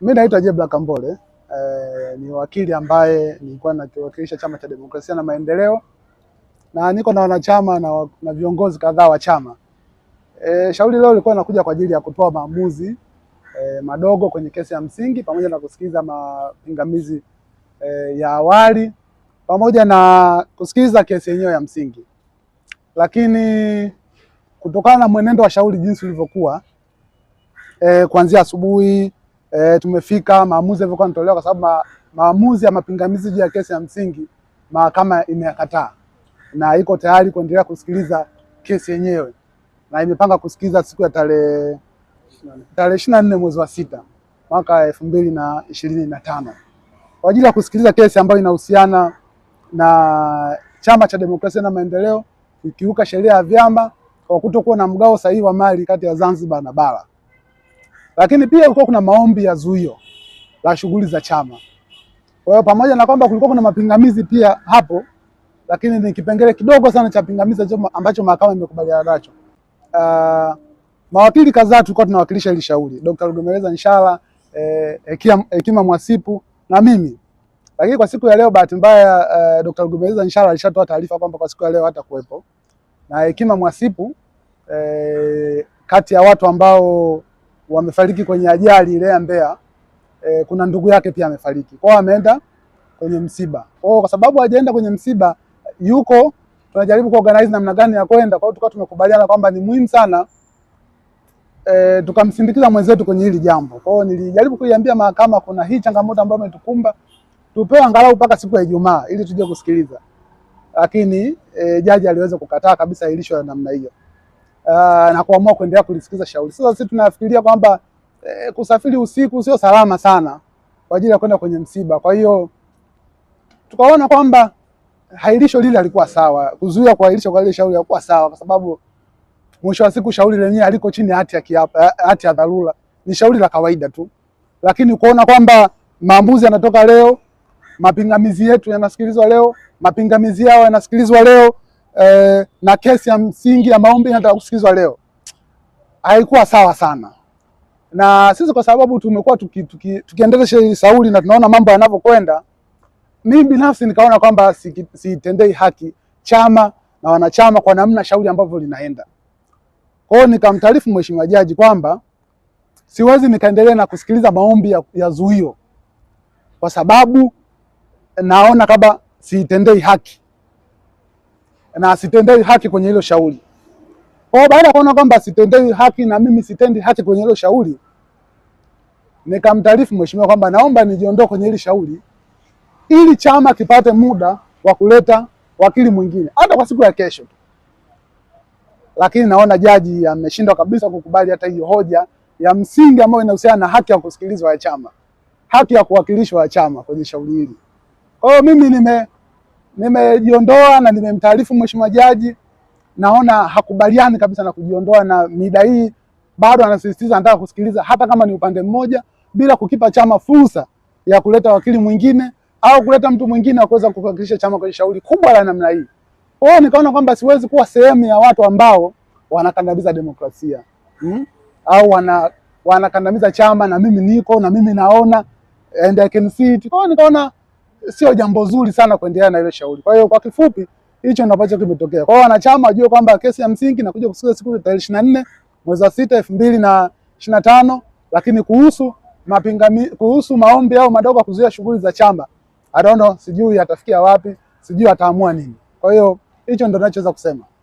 Mimi naitwa Jebla Kambole eh, ni wakili ambaye nilikuwa nakiwakilisha Chama cha Demokrasia na Maendeleo na niko na wanachama na, na viongozi kadhaa wa chama eh, shauri leo lilikuwa nakuja kwa ajili ya kutoa maamuzi eh, madogo kwenye kesi ya msingi pamoja na kusikiliza mapingamizi eh, ya awali pamoja na kusikiliza kesi yenyewe ya msingi, lakini kutokana na mwenendo wa shauri jinsi ulivyokuwa eh, kuanzia asubuhi e, tumefika maamuzi yalivyokuwa yanatolewa, kwa sababu ma, maamuzi ya mapingamizi juu ya kesi ya msingi mahakama imeyakataa na iko tayari kuendelea kusikiliza kesi yenyewe na imepanga kusikiliza siku ya tarehe tarehe ishirini na nne mwezi wa sita mwaka elfu mbili na ishirini na tano kwa ajili ya kusikiliza kesi ambayo inahusiana na Chama cha Demokrasia na Maendeleo kukiuka sheria ya vyama kwa kutokuwa na mgao sahihi wa mali kati ya Zanzibar na bara. Lakini pia kulikuwa kuna maombi ya zuio la shughuli za chama. Kwa hiyo pamoja na kwamba kulikuwa kuna mapingamizi pia hapo, lakini ni kipengele kidogo sana cha pingamizi ambacho mahakama imekubaliana nacho. Uh, mawakili kadhaa tulikuwa tunawakilisha hili shauri, Dr. Rugemeleza Nshala, eh, Hekima eh, Mwasipu na mimi. Lakini kwa siku ya leo bahati mbaya eh, Dr. Rugemeleza Nshala alishatoa taarifa kwamba kwa siku ya leo hata kuwepo na Hekima Mwasipu eh, kati ya watu ambao wamefariki kwenye ajali ile ya Mbeya e, kuna ndugu yake pia amefariki kwao, ameenda kwenye msiba kwao. Kwa sababu hajaenda kwenye msiba, yuko tunajaribu kuorganize namna gani ya kwenda kwao. Tukawa tumekubaliana kwamba ni muhimu sana e, tukamsindikiza mwenzetu kwenye hili jambo kwao. Nilijaribu kuiambia mahakama kuna hii changamoto ambayo imetukumba, tupewe angalau mpaka siku ya Ijumaa ili tuje kusikiliza, lakini e, jaji aliweza kukataa kabisa ilisho ya namna hiyo uh, na kuamua kuendelea kulisikiza shauri. Sasa sisi tunafikiria kwamba eh, kusafiri usiku sio salama sana kwa ajili ya kwenda kwenye msiba. Kwa hiyo tukaona kwamba hairisho lile alikuwa sawa, kuzuia kuahirisha kwa ile shauri alikuwa sawa, kwa sababu mwisho wa siku shauri lenyewe aliko chini hati ya kiapa, eh, hati ya dharura ni shauri la kawaida tu, lakini kuona kwamba maamuzi yanatoka leo, mapingamizi yetu yanasikilizwa leo, mapingamizi yao yanasikilizwa leo eh, na kesi ya msingi ya maombi nataka kusikizwa leo, haikuwa sawa sana na sisi, kwa sababu tumekuwa tukiendelesha tuki, tuki hili sauli na tunaona mambo yanavyokwenda, mimi binafsi nikaona kwamba siitendei si haki chama na wanachama kwa namna shauri ambavyo linaenda. Kwa hiyo nikamtaarifu mheshimiwa jaji kwamba siwezi nikaendelea na kusikiliza maombi ya, ya zuio kwa sababu naona kama siitendei haki na asitendewi haki kwenye hilo shauri. Kwa hiyo baada ya kuona kwamba sitendewi haki na mimi sitendi haki kwenye hilo shauri, nikamtaarifu mheshimiwa kwamba naomba nijiondoe kwenye hili shauri ili chama kipate muda wa kuleta wakili mwingine hata kwa siku ya kesho tu. Lakini naona jaji ameshindwa kabisa kukubali hata hiyo hoja ya msingi ambayo inahusiana na haki ya kusikilizwa ya chama, haki ya kuwakilishwa ya chama kwenye shauri hili. Kwa hiyo mimi nime nimejiondoa na nimemtaarifu mheshimiwa jaji, naona hakubaliani kabisa na kujiondoa na mida hii. Bado anasisitiza anataka kusikiliza hata kama ni upande mmoja, bila kukipa chama fursa ya kuleta wakili mwingine au kuleta mtu mwingine wa kuweza kuwakilisha chama kwenye shauri kubwa la namna hii. Kwa hiyo nikaona kwamba siwezi kuwa sehemu ya watu ambao wanakandamiza demokrasia hmm? au wana wanakandamiza chama, na mimi niko na mimi naona and I can see it. Kwa hiyo nikaona sio jambo zuri sana kuendelea na ile shauri. Kwa hiyo kwa kifupi hicho ndio ambacho kimetokea. Kwa hiyo wanachama wajue kwamba kesi ya msingi inakuja kusikilizwa siku tarehe ishirini na nne mwezi wa sita elfu mbili na ishirini na tano lakini kuhusu mapingami, kuhusu maombi au madogo kuzuia shughuli za chama I don't know, sijui atafikia wapi, sijui ataamua nini. Kwa hiyo hicho ndio ninachoweza kusema.